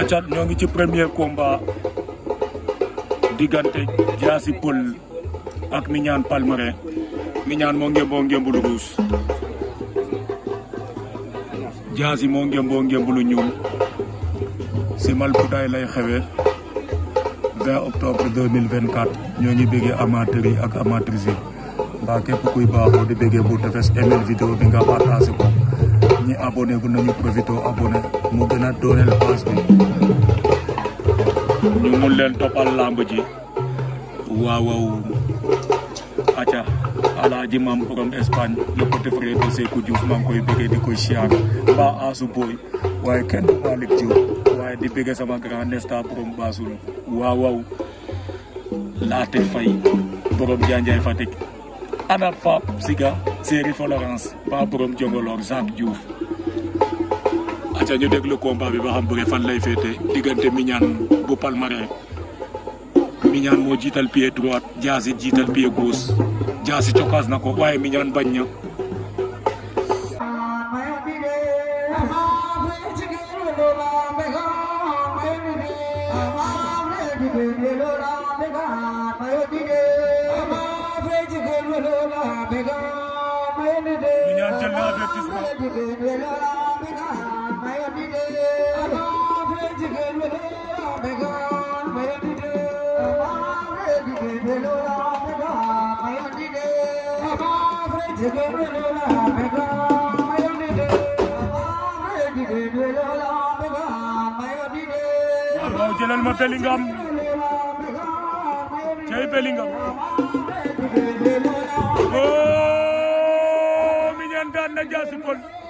acat ñoo ngi ci premier combat digante jasi pol ak Mignane mo ngeembo ngeembu ngemboo ngembulu jasi mo ngeembo ngeembu lu ñuul si Malbudaay lay xewé 20 octobre 2024 ñoo ngi bëggé amateur yi ak amatrice ba képp kuy baaxoo di bëggé bu tafess aimé vidéo bi nga partager ko ñi abonné gu nañu profité abonné mu gën a dooleel base bi ñu mun leen toppal làmb ji waaw waaw aca alaaji maam borom Espagne le petit frère de Sékou Diouf maa ngi koy bëggee di koy siyaar ba Asu Booy waaye kenn Malick Diouf waaye di bëggee sama grand nesta borom baasul waaw waaw laate fay borom Janjaay Fatick ana Pape Siga Séri Florence Pape Borom Jongolor Jacques Diouf. aca ñu déglu combat bi ba xam bëgg fan lay féete diggante Mignane bu Palmarin Mignane moo jiital pied droite Diassi jiital pied gauche Diassi cokkaas na ko waaye Mignane bañ na. ñu ñaan jël na avertissement jëlal ma Bellingham cey Bellingham oo mi